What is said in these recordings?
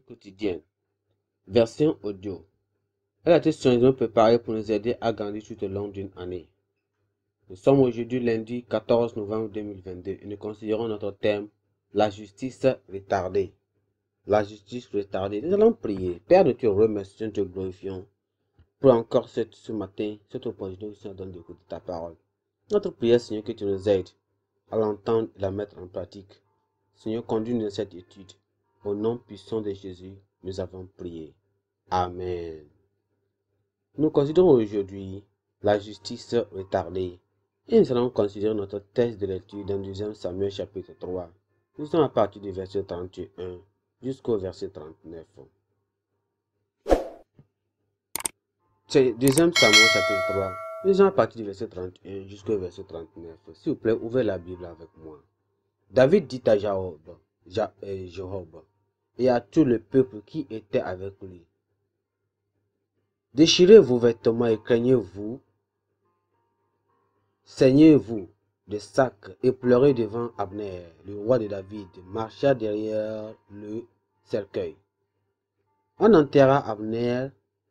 quotidien quotidienne, version audio. Elle a été soigneusement préparée pour nous aider à grandir tout au long d'une année. Nous sommes aujourd'hui lundi 14 novembre 2022 et nous considérons notre thème La justice retardée. La justice retardée. Nous allons prier. Père, nous te remercions, nous te glorifions pour encore ce, ce matin, cette opportunité que tu nous de d'écouter ta parole. Notre prière, Seigneur, que tu nous aides à l'entendre et la mettre en pratique. Seigneur, conduis-nous dans cette étude. Au nom puissant de Jésus, nous avons prié. Amen. Nous considérons aujourd'hui la justice retardée. Et nous allons considérer notre test de lecture dans 2 Samuel chapitre 3. Nous sommes à partir du verset 31 jusqu'au verset 39. C'est 2 Samuel chapitre 3. Nous sommes à partir du verset 31 jusqu'au verset 39. S'il vous plaît, ouvrez la Bible avec moi. David dit à Jaob, Job, euh, et à tout le peuple qui était avec lui. Déchirez vos vêtements et craignez-vous. Saignez-vous de sacs et pleurez devant Abner, le roi de David, marcha derrière le cercueil. On enterra Abner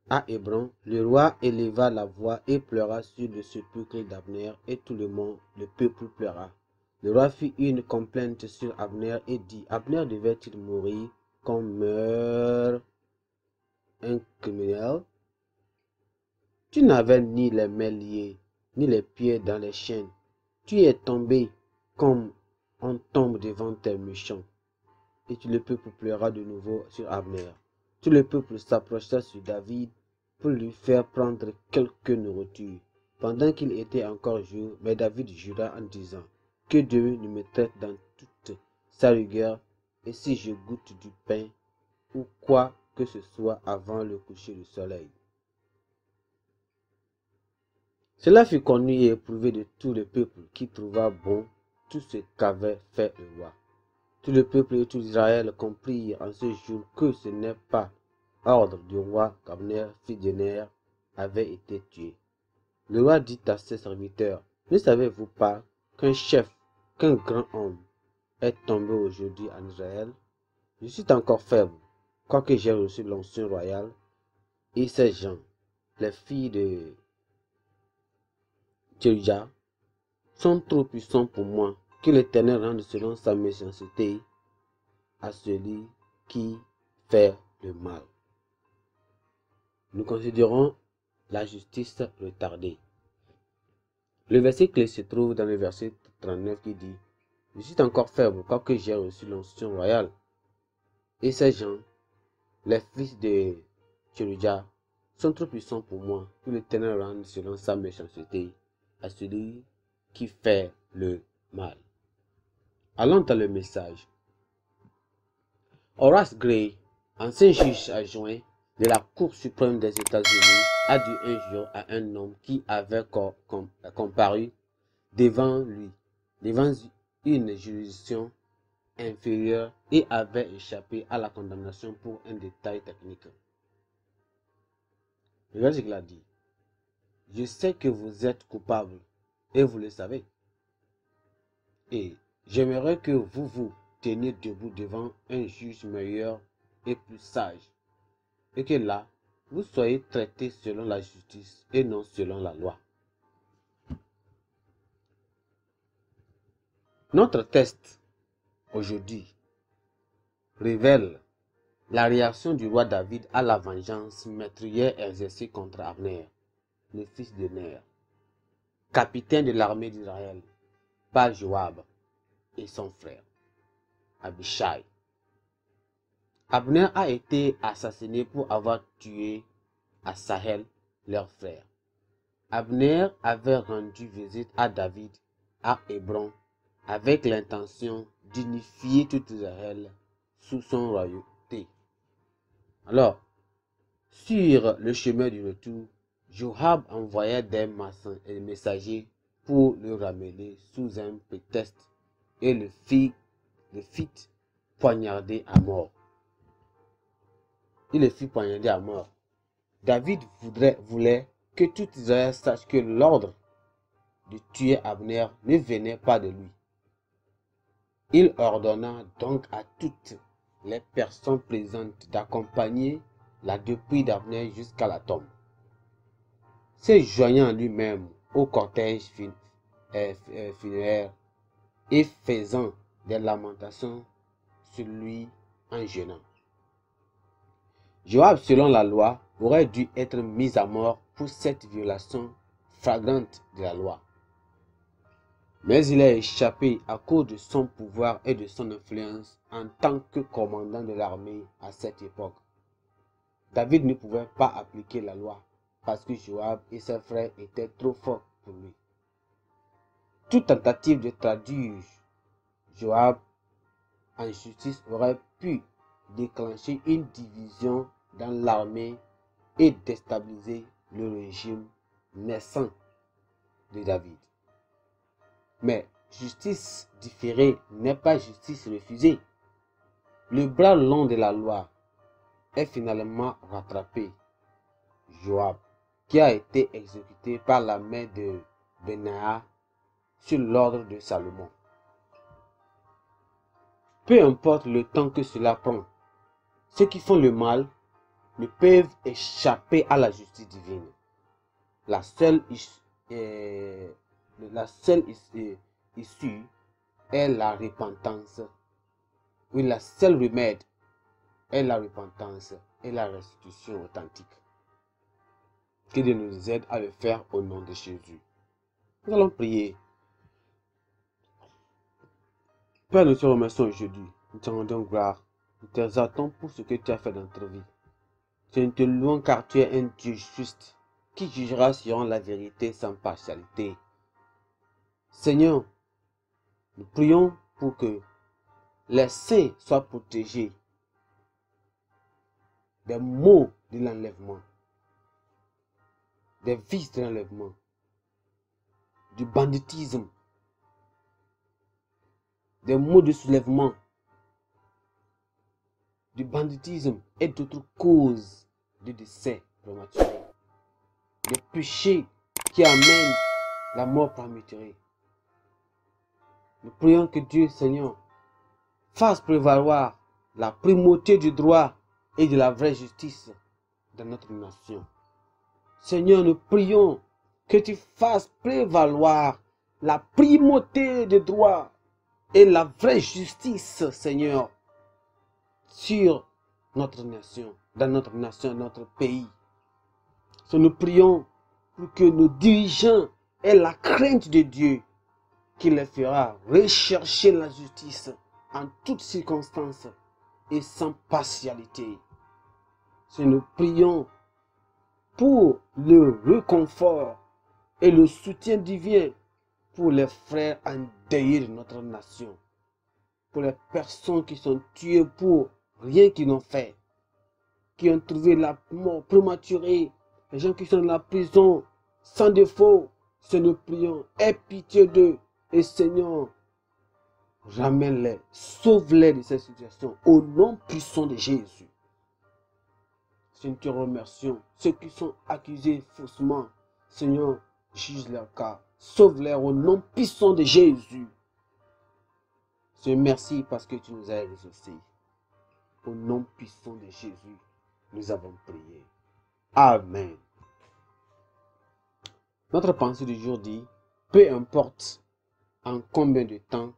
à Hébron. Le roi éleva la voix et pleura sur le sepulcre d'Abner et tout le monde, le peuple pleura. Le roi fit une complainte sur Abner et dit, Abner devait-il mourir comme meurt un criminel, tu n'avais ni les mains liées, ni les pieds dans les chaînes. Tu es tombé comme on tombe devant tes méchant, Et tu le peuple pleura de nouveau sur Abner. Tout le peuple s'approcha sur David pour lui faire prendre quelque nourriture pendant qu'il était encore jour, mais David jura en disant, Que Dieu ne me traite dans toute sa rigueur et si je goûte du pain ou quoi que ce soit avant le coucher du soleil. Cela fut connu et éprouvé de tout le peuple qui trouva bon tout ce qu'avait fait le roi. Tout le peuple et tout Israël comprirent en ce jour que ce n'est pas ordre du roi qu'Abner, fils de avait été tué. Le roi dit à ses serviteurs, ne savez-vous pas qu'un chef, qu'un grand homme, est tombé aujourd'hui en Israël, je suis encore faible, quoique j'ai reçu l'onction royal, et ces gens, les filles de sont trop puissants pour moi, que l'Éternel rende selon sa méchanceté à celui qui fait le mal. Nous considérons la justice retardée. Le verset clé se trouve dans le verset 39 qui dit je suis encore faible, quoique j'ai reçu l'onction royale. Et ces gens, les fils de Chiruja, sont trop puissants pour moi que l'Éternel rende selon sa méchanceté à celui qui fait le mal. Allons dans le message. Horace Gray, ancien juge adjoint de la Cour suprême des États-Unis, a dit un jour à un homme qui avait comparu devant lui, devant une juridiction inférieure et avait échappé à la condamnation pour un détail technique. Regardez ce dit. Je sais que vous êtes coupable et vous le savez. Et j'aimerais que vous vous teniez debout devant un juge meilleur et plus sage. Et que là, vous soyez traité selon la justice et non selon la loi. Notre test aujourd'hui révèle la réaction du roi David à la vengeance meurtrière exercée contre Abner, le fils de Ner, capitaine de l'armée d'Israël, par Joab et son frère, Abishai. Abner a été assassiné pour avoir tué à Sahel leur frère. Abner avait rendu visite à David à Hébron avec l'intention d'unifier tout Israël sous son royauté. Alors, sur le chemin du retour, Joab envoyait des messagers pour le ramener sous un prétexte et le fit, le fit poignarder à mort. Il le fit poignarder à mort. David voudrait, voulait que tout Israël sache que l'ordre de tuer Abner ne venait pas de lui, il ordonna donc à toutes les personnes présentes d'accompagner la depuis d'avenir jusqu'à la tombe. Se joignant lui-même au cortège euh, euh, funéraire et faisant des lamentations sur lui en gênant. Joab, selon la loi, aurait dû être mis à mort pour cette violation flagrante de la loi mais il a échappé à cause de son pouvoir et de son influence en tant que commandant de l'armée à cette époque. David ne pouvait pas appliquer la loi parce que Joab et ses frères étaient trop forts pour lui. Toute tentative de traduire Joab en justice aurait pu déclencher une division dans l'armée et déstabiliser le régime naissant de David. Mais justice différée n'est pas justice refusée. Le bras long de la loi est finalement rattrapé. Joab, qui a été exécuté par la main de Benaha sur l'ordre de Salomon. Peu importe le temps que cela prend, ceux qui font le mal ne peuvent échapper à la justice divine. La seule euh, la seule euh, issue est la repentance. Oui, la seule remède est la repentance et la restitution authentique. Que Dieu nous aide à le faire au nom de Jésus. Nous allons prier. Père, nous te remercions aujourd'hui. Nous te rendons gloire. Nous te attendons pour ce que tu as fait dans notre vie. Tu ne te louons car tu es un Dieu juste qui jugera sur la vérité sans partialité. Seigneur, nous prions pour que les saints soient protégés des maux de l'enlèvement, des vices de l'enlèvement, du banditisme, des maux de soulèvement, du banditisme et d'autres causes de décès prématurés, des péchés qui amènent la mort prématurée. Nous prions que Dieu, Seigneur, fasse prévaloir la primauté du droit et de la vraie justice dans notre nation. Seigneur, nous prions que tu fasses prévaloir la primauté du droit et la vraie justice, Seigneur, sur notre nation, dans notre nation, notre pays. nous prions pour que nos dirigeants aient la crainte de Dieu qui les fera rechercher la justice en toutes circonstances et sans partialité. Si nous prions pour le réconfort et le soutien divin pour les frères endeuillés de notre nation, pour les personnes qui sont tuées pour rien qu'ils n'ont fait, qui ont trouvé la mort prématurée, les gens qui sont dans la prison sans défaut, si nous prions, aie pitié d'eux, et Seigneur, ramène-les, sauve-les de cette situation au nom puissant de Jésus. Seigneur, te remercions. Ceux qui sont accusés faussement, Seigneur, juge leur cas. Sauve-les au nom puissant de Jésus. Seigneur, merci parce que tu nous as exaucés. Au nom puissant de Jésus, nous avons prié. Amen. Notre pensée du jour dit, peu importe en combien de temps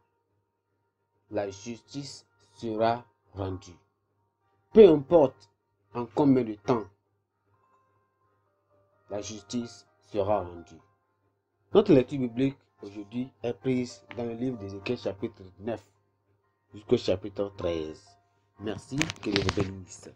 la justice sera rendue. Peu importe en combien de temps la justice sera rendue. Notre lecture biblique aujourd'hui est prise dans le livre d'Ézéchiel chapitre 9 jusqu'au chapitre 13. Merci, que les vous bénisse.